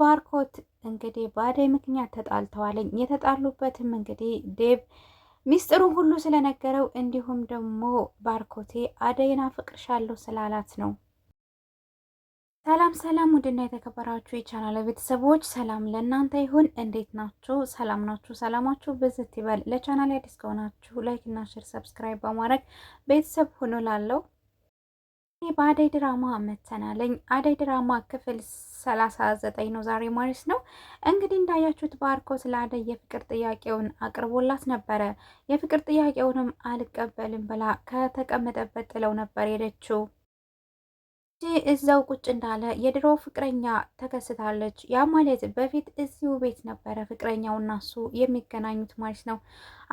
ባርኮት እንግዲህ በአደይ ምክንያት ተጣልተዋለኝ። የተጣሉበትም እንግዲህ ዴቭ ሚስጥሩን ሁሉ ስለነገረው እንዲሁም ደግሞ ባርኮቴ አደይን አፈቅርሻለሁ ስላላት ነው። ሰላም ሰላም፣ ውድና የተከበራችሁ የቻናል ቤተሰቦች ሰላም ለእናንተ ይሁን። እንዴት ናችሁ? ሰላም ናችሁ? ሰላማችሁ ብዝት ይበል። ለቻናል አዲስ ከሆናችሁ ላይክ እና ሼር፣ ሰብስክራይብ በማድረግ ቤተሰብ ሁኑ ላለው ይህ በአደይ ድራማ መተናለኝ አደይ ድራማ ክፍል ሰላሳ ዘጠኝ ነው ዛሬ ማለት ነው። እንግዲህ እንዳያችሁት ባርኮት ለአደይ የፍቅር ጥያቄውን አቅርቦላት ነበረ። የፍቅር ጥያቄውንም አልቀበልም ብላ ከተቀመጠበት ጥለው ነበር ሄደችው እንጂ እዛው ቁጭ እንዳለ የድሮ ፍቅረኛ ተከስታለች። ያ ማለት በፊት እዚሁ ቤት ነበረ ፍቅረኛው እና እሱ የሚገናኙት ማለት ነው።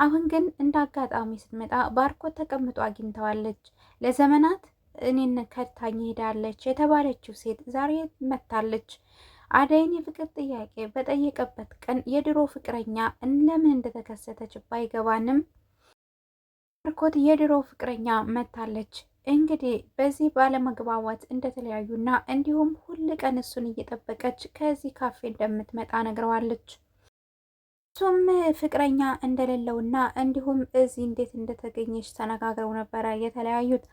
አሁን ግን እንደ አጋጣሚ ስትመጣ ባርኮት ተቀምጦ አግኝተዋለች ለዘመናት እኔን ከታኝ ሄዳለች የተባለችው ሴት ዛሬ መታለች። አደይን የፍቅር ጥያቄ በጠየቀበት ቀን የድሮ ፍቅረኛ ለምን እንደተከሰተች ባይገባንም ባርኮት የድሮ ፍቅረኛ መታለች። እንግዲህ በዚህ ባለመግባባት እንደተለያዩና እንዲሁም ሁል ቀን እሱን እየጠበቀች ከዚህ ካፌ እንደምትመጣ ነግረዋለች። እሱም ፍቅረኛ እንደሌለውና እንዲሁም እዚህ እንዴት እንደተገኘች ተነጋግረው ነበረ የተለያዩት።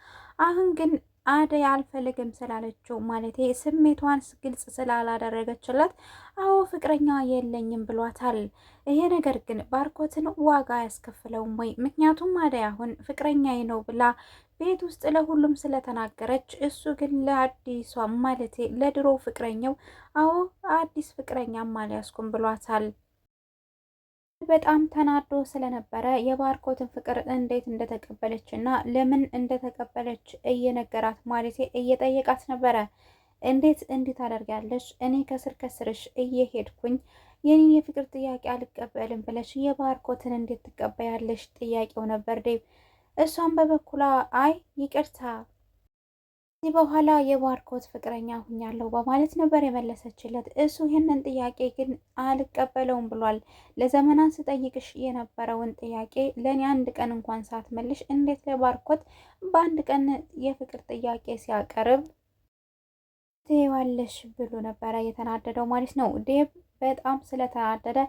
አሁን ግን አደይ አልፈልግም ስላለችው ማለት ስሜቷን ግልጽ ስላላደረገችለት አዎ ፍቅረኛ የለኝም ብሏታል። ይሄ ነገር ግን ባርኮትን ዋጋ አያስከፍለውም ወይ? ምክንያቱም አደይ አሁን ፍቅረኛዬ ነው ብላ ቤት ውስጥ ለሁሉም ስለተናገረች፣ እሱ ግን ለአዲሷ ማለቴ ለድሮ ፍቅረኛው አዎ አዲስ ፍቅረኛም አልያዝኩም ብሏታል። በጣም ተናዶ ስለነበረ የባርኮትን ፍቅር እንዴት እንደተቀበለች እና ለምን እንደተቀበለች እየነገራት ማለቴ እየጠየቃት ነበረ። እንዴት እንዲህ ታደርጋለች? እኔ ከስር ከስርሽ እየሄድኩኝ የኔን የፍቅር ጥያቄ አልቀበልም ብለሽ የባርኮትን እንዴት ትቀበያለሽ? ጥያቄው ነበር ዴቭ። እሷም በበኩሏ አይ ይቅርታ ከዚህ በኋላ የባርኮት ፍቅረኛ ሁኛለሁ በማለት ነበር የመለሰችለት። እሱ ይህንን ጥያቄ ግን አልቀበለውም ብሏል። ለዘመናት ስጠይቅሽ የነበረውን ጥያቄ ለእኔ አንድ ቀን እንኳን ሳትመልሽ እንዴት ለባርኮት በአንድ ቀን የፍቅር ጥያቄ ሲያቀርብ ትዋለሽ ብሎ ነበረ የተናደደው ማለት ነው። ዴብ በጣም ስለተናደደ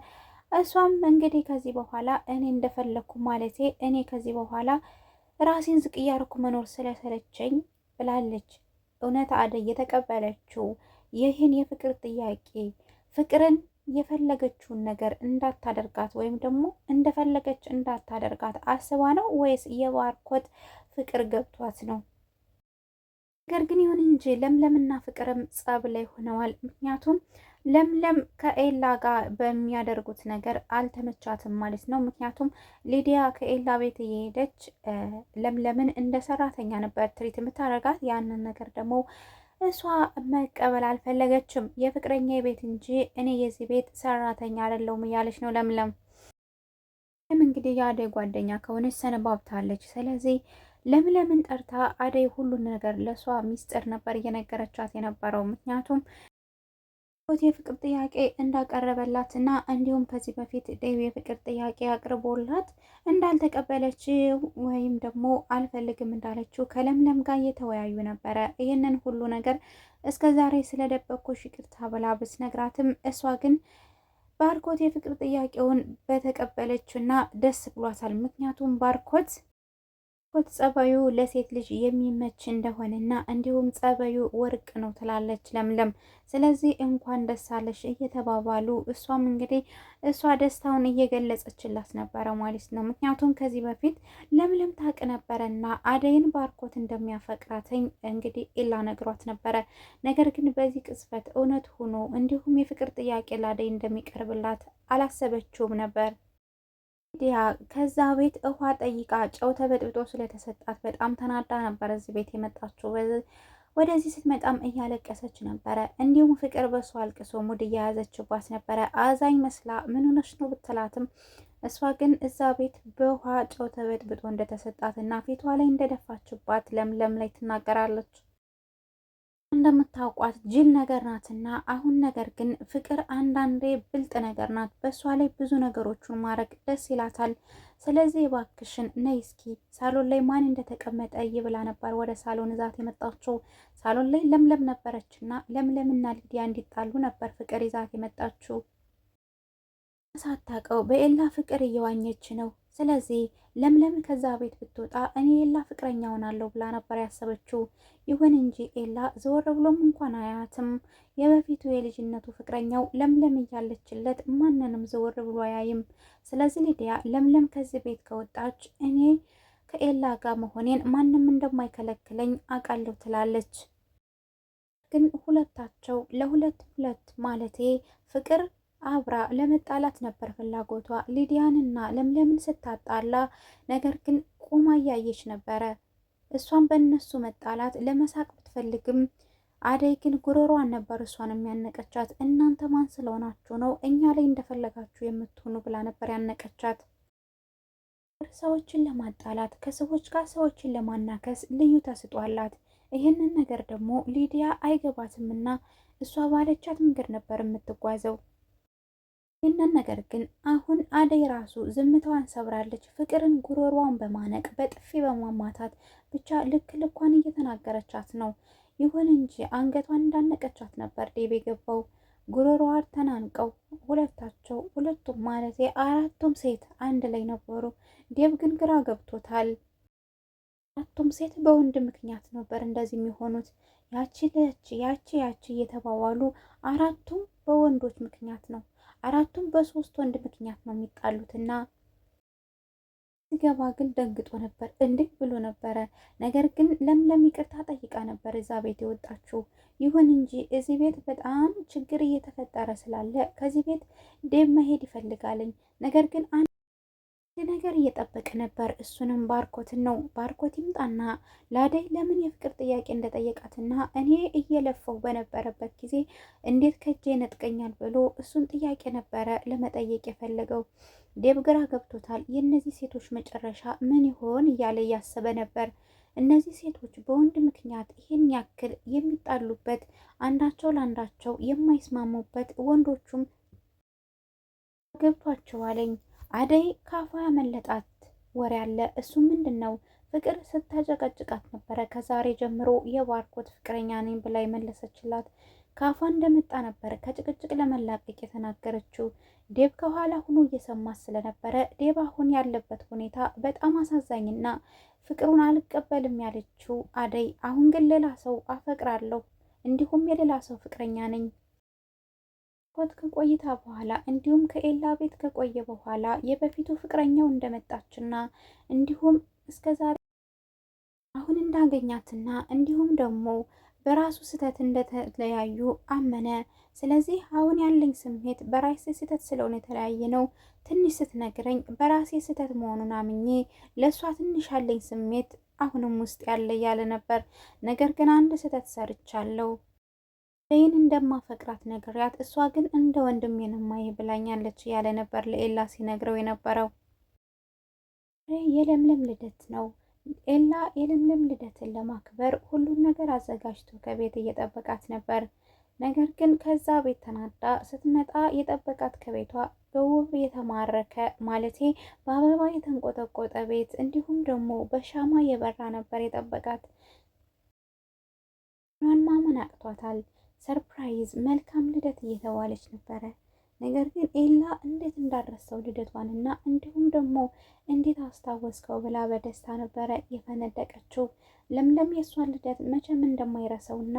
እሷም እንግዲህ ከዚህ በኋላ እኔ እንደፈለግኩ ማለቴ እኔ ከዚህ በኋላ ራሴን ዝቅ እያደረኩ መኖር ስለሰለቸኝ ብላለች። እውነት አደይ የተቀበለችው ይህን የፍቅር ጥያቄ ፍቅርን የፈለገችውን ነገር እንዳታደርጋት ወይም ደግሞ እንደፈለገች እንዳታደርጋት አስባ ነው ወይስ የባርኮት ፍቅር ገብቷት ነው? ነገር ግን ይሁን እንጂ ለምለምና ፍቅርም ጸብ ላይ ሆነዋል። ምክንያቱም ለምለም ከኤላ ጋር በሚያደርጉት ነገር አልተመቻትም ማለት ነው። ምክንያቱም ሊዲያ ከኤላ ቤት እየሄደች ለምለምን እንደ ሰራተኛ ነበር ትሪት የምታደርጋት። ያንን ነገር ደግሞ እሷ መቀበል አልፈለገችም። የፍቅረኛ ቤት እንጂ እኔ የዚህ ቤት ሰራተኛ አይደለሁም እያለች ነው ለምለም። እንግዲህ ያደ ጓደኛ ከሆነች ሰነባብታለች። ስለዚህ ለምለምን ጠርታ አደይ ሁሉን ነገር ለሷ ሚስጥር ነበር እየነገረቻት የነበረው። ምክንያቱም ት የፍቅር ጥያቄ እንዳቀረበላት እና እንዲሁም ከዚህ በፊት ዴቭ የፍቅር ጥያቄ አቅርቦላት እንዳልተቀበለች ወይም ደግሞ አልፈልግም እንዳለችው ከለምለም ጋር እየተወያዩ ነበረ። ይህንን ሁሉ ነገር እስከ ዛሬ ስለደበኩሽ ይቅርታ ብላ ብትነግራትም እሷ ግን ባርኮት የፍቅር ጥያቄውን በተቀበለችና ደስ ብሏታል። ምክንያቱም ባርኮት ያልኩት ጸባዩ ለሴት ልጅ የሚመች እንደሆነና እንዲሁም ጸባዩ ወርቅ ነው ትላለች ለምለም። ስለዚህ እንኳን ደስ አለሽ እየተባባሉ እሷም እንግዲህ እሷ ደስታውን እየገለጸችላት ነበረ ማለት ነው። ምክንያቱም ከዚህ በፊት ለምለም ታቅ ነበረና አደይን ባርኮት እንደሚያፈቅራትኝ እንግዲህ ኢላ ነግሯት ነበረ። ነገር ግን በዚህ ቅጽበት እውነት ሆኖ እንዲሁም የፍቅር ጥያቄ ላደይ እንደሚቀርብላት አላሰበችውም ነበር። ሊዲያ ከዛ ቤት ውሃ ጠይቃ ጨው ተበጥብጦ ስለተሰጣት በጣም ተናዳ ነበረ እዚህ ቤት የመጣችው። ወደዚህ ስትመጣም እያለቀሰች ነበረ። እንዲሁም ፍቅር በሷ አልቅሶ ሙድ እየያዘችባት ነበረ። አዛኝ መስላ ምን ሆነሽ ነው ብትላትም እሷ ግን እዛ ቤት በውሃ ጨው ተበጥብጦ እንደተሰጣት እና ፊቷ ላይ እንደደፋችባት ለምለም ላይ ትናገራለች። እንደምታውቋት ጅል ነገር ናትና፣ አሁን ነገር ግን ፍቅር አንዳንዴ ብልጥ ነገር ናት። በእሷ ላይ ብዙ ነገሮቹን ማድረግ ደስ ይላታል። ስለዚህ የባክሽን ነይ እስኪ ሳሎን ላይ ማን እንደተቀመጠ ይብላ ነበር ወደ ሳሎን ይዛት የመጣችው። ሳሎን ላይ ለምለም ነበረችና ለምለምና ሊዲያ እንዲጣሉ ነበር ፍቅር ይዛት የመጣችው። ሳታውቀው በኤላ ፍቅር እየዋኘች ነው። ስለዚህ ለምለም ከዛ ቤት ብትወጣ እኔ ኤላ ፍቅረኛ ሆናለሁ ብላ ነበር ያሰበችው። ይሁን እንጂ ኤላ ዘወር ብሎም እንኳን አያትም። የበፊቱ የልጅነቱ ፍቅረኛው ለምለም እያለችለት ማንንም ዘወር ብሎ አያይም። ስለዚህ ሊዲያ ለምለም ከዚህ ቤት ከወጣች እኔ ከኤላ ጋር መሆኔን ማንም እንደማይከለክለኝ አውቃለሁ ትላለች። ግን ሁለታቸው ለሁለት ሁለት ማለቴ ፍቅር አብራ ለመጣላት ነበር ፍላጎቷ። ሊዲያንና ለምለምን ስታጣላ ነገር ግን ቁማ እያየች ነበረ። እሷን በእነሱ መጣላት ለመሳቅ ብትፈልግም አደይ ግን ጉሮሯን ነበር እሷን የሚያነቀቻት። እናንተ ማን ስለሆናችሁ ነው እኛ ላይ እንደፈለጋችሁ የምትሆኑ ብላ ነበር ያነቀቻት። ሰዎችን ለማጣላት ከሰዎች ጋር ሰዎችን ለማናከስ ልዩ ተስጧላት ይህንን ነገር ደግሞ ሊዲያ አይገባትምና እሷ ባለቻት መንገድ ነበር የምትጓዘው። ይህንን ነገር ግን አሁን አደይ ራሱ ዝምታዋን ሰብራለች። ፍቅርን ጉሮሯን በማነቅ በጥፊ በማማታት ብቻ ልክ ልኳን እየተናገረቻት ነው። ይሁን እንጂ አንገቷን እንዳነቀቻት ነበር ዴቤ ገባው። ጉሮሮዋን ተናንቀው ሁለታቸው ሁለቱም ማለት አራቱም ሴት አንድ ላይ ነበሩ። ዴብ ግን ግራ ገብቶታል። አራቱም ሴት በወንድ ምክንያት ነበር እንደዚህ የሚሆኑት። ያቺ ለች ያቺ ያቺ እየተባባሉ አራቱም በወንዶች ምክንያት ነው አራቱም በሶስት ወንድ ምክንያት ነው የሚጣሉት እና ሲገባ ግን ደንግጦ ነበር እንዴ ብሎ ነበረ። ነገር ግን ለምለም ይቅርታ ጠይቃ ነበር እዛ ቤት የወጣችው። ይሁን እንጂ እዚህ ቤት በጣም ችግር እየተፈጠረ ስላለ ከዚህ ቤት ዴብ መሄድ ይፈልጋልኝ ነገር ግን ነገር እየጠበቀ ነበር። እሱንም ባርኮትን ነው። ባርኮት ይምጣና ለአደይ ለምን የፍቅር ጥያቄ እንደጠየቃትና እኔ እየለፈው በነበረበት ጊዜ እንዴት ከእጄ ይነጥቀኛል ብሎ እሱን ጥያቄ ነበረ ለመጠየቅ የፈለገው። ዴብ ግራ ገብቶታል። የእነዚህ ሴቶች መጨረሻ ምን ይሆን እያለ እያሰበ ነበር። እነዚህ ሴቶች በወንድ ምክንያት ይህን ያክል የሚጣሉበት፣ አንዳቸው ለአንዳቸው የማይስማሙበት፣ ወንዶቹም ገብቷቸዋለኝ አደይ ካፏ ያመለጣት ወሬ አለ። እሱ ምንድን ነው? ፍቅር ስታጨቀጭቃት ነበረ። ከዛሬ ጀምሮ የባርኮት ፍቅረኛ ነኝ ብላ የመለሰችላት ካፏ እንደመጣ ነበር ከጭቅጭቅ ለመላቀቅ የተናገረችው። ዴብ ከኋላ ሁኖ እየሰማት ስለነበረ ዴብ አሁን ያለበት ሁኔታ በጣም አሳዛኝና ፍቅሩን አልቀበልም ያለችው አደይ አሁን ግን ሌላ ሰው አፈቅራለሁ እንዲሁም የሌላ ሰው ፍቅረኛ ነኝ አባት ከቆይታ በኋላ እንዲሁም ከኤላ ቤት ከቆየ በኋላ የበፊቱ ፍቅረኛው እንደመጣችና እንዲሁም እስከዛሬ አሁን እንዳገኛትና እንዲሁም ደግሞ በራሱ ስህተት እንደተለያዩ አመነ። ስለዚህ አሁን ያለኝ ስሜት በራሴ ስህተት ስለሆነ የተለያየ ነው። ትንሽ ስትነግረኝ በራሴ ስህተት መሆኑን አምኜ ለእሷ ትንሽ ያለኝ ስሜት አሁንም ውስጥ ያለ ያለ ነበር። ነገር ግን አንድ ስህተት ሰርቻለሁ ይህን እንደማፈቅራት ነግሬያት እሷ ግን እንደ ወንድሜ ነው የማይ ብላኛለች እያለ ነበር ለኤላ ሲነግረው የነበረው። የለምለም ልደት ነው። ኤላ የለምለም ልደትን ለማክበር ሁሉን ነገር አዘጋጅቶ ከቤት እየጠበቃት ነበር። ነገር ግን ከዛ ቤት ተናዳ ስትመጣ የጠበቃት ከቤቷ በውብ የተማረከ ማለቴ በአበባ የተንቆጠቆጠ ቤት እንዲሁም ደግሞ በሻማ የበራ ነበር የጠበቃት። ማመን አቅቷታል። ሰርፕራይዝ መልካም ልደት እየተባለች ነበረ። ነገር ግን ኤላ እንዴት እንዳረሰው ልደቷንና እንዲሁም ደግሞ እንዴት አስታወስከው ብላ በደስታ ነበረ የፈነደቀችው። ለምለም የእሷን ልደት መቼም እንደማይረሰውና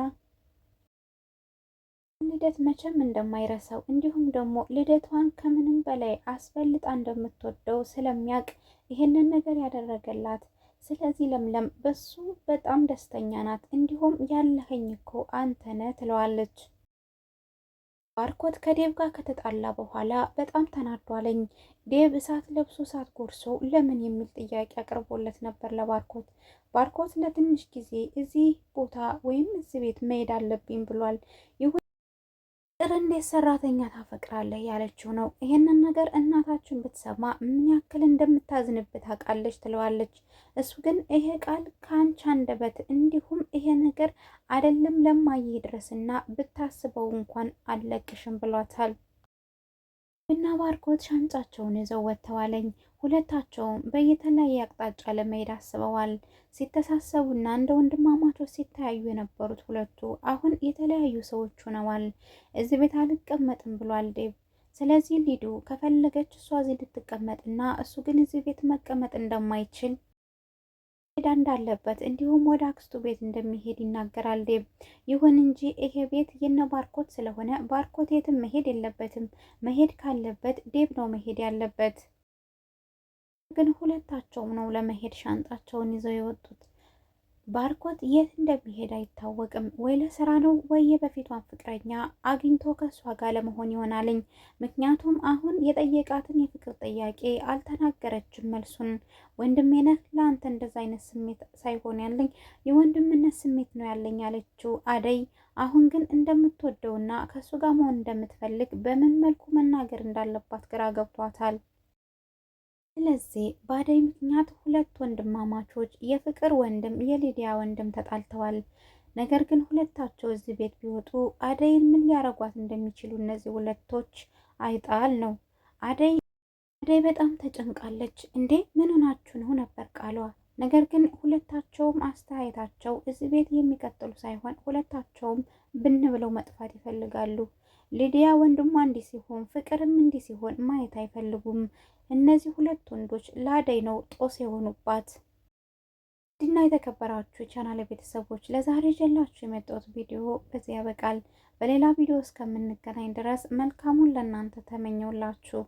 ልደት መቼም እንደማይረሳው እንዲሁም ደግሞ ልደቷን ከምንም በላይ አስፈልጣ እንደምትወደው ስለሚያውቅ ይህንን ነገር ያደረገላት ስለዚህ ለምለም በሱ በጣም ደስተኛ ናት። እንዲሁም ያለኸኝ እኮ አንተ ነህ ትለዋለች። ባርኮት ከዴብ ጋር ከተጣላ በኋላ በጣም ተናዷለኝ። ዴብ እሳት ለብሶ እሳት ጎርሶ ለምን የሚል ጥያቄ አቅርቦለት ነበር ለባርኮት። ባርኮት ለትንሽ ጊዜ እዚህ ቦታ ወይም እዚህ ቤት መሄድ አለብኝ ብሏል። ፍቅር እንዴት ሰራተኛ ታፈቅራለህ ያለችው ነው። ይህንን ነገር እናታችን ብትሰማ ምን ያክል እንደምታዝንበት አውቃለች ትለዋለች። እሱ ግን ይሄ ቃል ከአንቺ አንደበት እንዲሁም ይሄ ነገር አይደለም ለማየ ድረስና ብታስበው እንኳን አለቅሽም ብሏታል። እና ባርኮት ሻንጫቸውን ይዘው ወጥተዋለኝ። ሁለታቸውም በየተለያየ አቅጣጫ ለመሄድ አስበዋል። ሲተሳሰቡና እንደ ወንድማማቾች ሲተያዩ የነበሩት ሁለቱ አሁን የተለያዩ ሰዎች ሆነዋል። እዚህ ቤት አልቀመጥም ብሏል ዴቭ። ስለዚህ ሊዱ ከፈለገች እሷ እዚህ ልትቀመጥና እሱ ግን እዚህ ቤት መቀመጥ እንደማይችል ፋይዳ እንዳለበት እንዲሁም ወደ አክስቱ ቤት እንደሚሄድ ይናገራል ዴብ። ይሁን እንጂ ይሄ ቤት የነ ባርኮት ስለሆነ ባርኮት የትም መሄድ የለበትም። መሄድ ካለበት ዴብ ነው መሄድ ያለበት። ግን ሁለታቸውም ነው ለመሄድ ሻንጣቸውን ይዘው የወጡት። ባርኮት የት እንደሚሄድ አይታወቅም። ወይ ለስራ ነው ወይ የበፊቷን ፍቅረኛ አግኝቶ ከእሷ ጋር ለመሆን ይሆናልኝ። ምክንያቱም አሁን የጠየቃትን የፍቅር ጥያቄ አልተናገረችም መልሱን። ወንድሜነህ ለአንተ እንደዛ አይነት ስሜት ሳይሆን ያለኝ የወንድምነት ስሜት ነው ያለኝ አለችው አደይ። አሁን ግን እንደምትወደውና ከእሱ ጋር መሆን እንደምትፈልግ በምን መልኩ መናገር እንዳለባት ግራ ገብቷታል። ስለዚህ በአደይ ምክንያት ሁለት ወንድማማቾች የፍቅር ወንድም የሊዲያ ወንድም ተጣልተዋል። ነገር ግን ሁለታቸው እዚህ ቤት ቢወጡ አደይን ምን ሊያረጓት እንደሚችሉ እነዚህ ሁለቶች አይጣል ነው። አደይ አደይ በጣም ተጨንቃለች። እንዴ ምን ሆናችሁ ነው ነበር ቃሏ። ነገር ግን ሁለታቸውም አስተያየታቸው እዚህ ቤት የሚቀጥሉ ሳይሆን ሁለታቸውም ብን ብለው መጥፋት ይፈልጋሉ። ሊዲያ ወንድሟ እንዲህ ሲሆን ፍቅርም እንዲህ ሲሆን ማየት አይፈልጉም። እነዚህ ሁለት ወንዶች ለአደይ ነው ጦስ የሆኑባት። ድና የተከበራችሁ የቻናል ቤተሰቦች ለዛሬ ጀላችሁ የመጣሁት ቪዲዮ በዚህ ያበቃል። በሌላ ቪዲዮ እስከምንገናኝ ድረስ መልካሙን ለእናንተ ተመኘውላችሁ።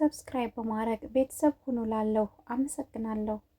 ሰብስክራይብ በማድረግ ቤተሰብ ሁኑ። ላለሁ አመሰግናለሁ።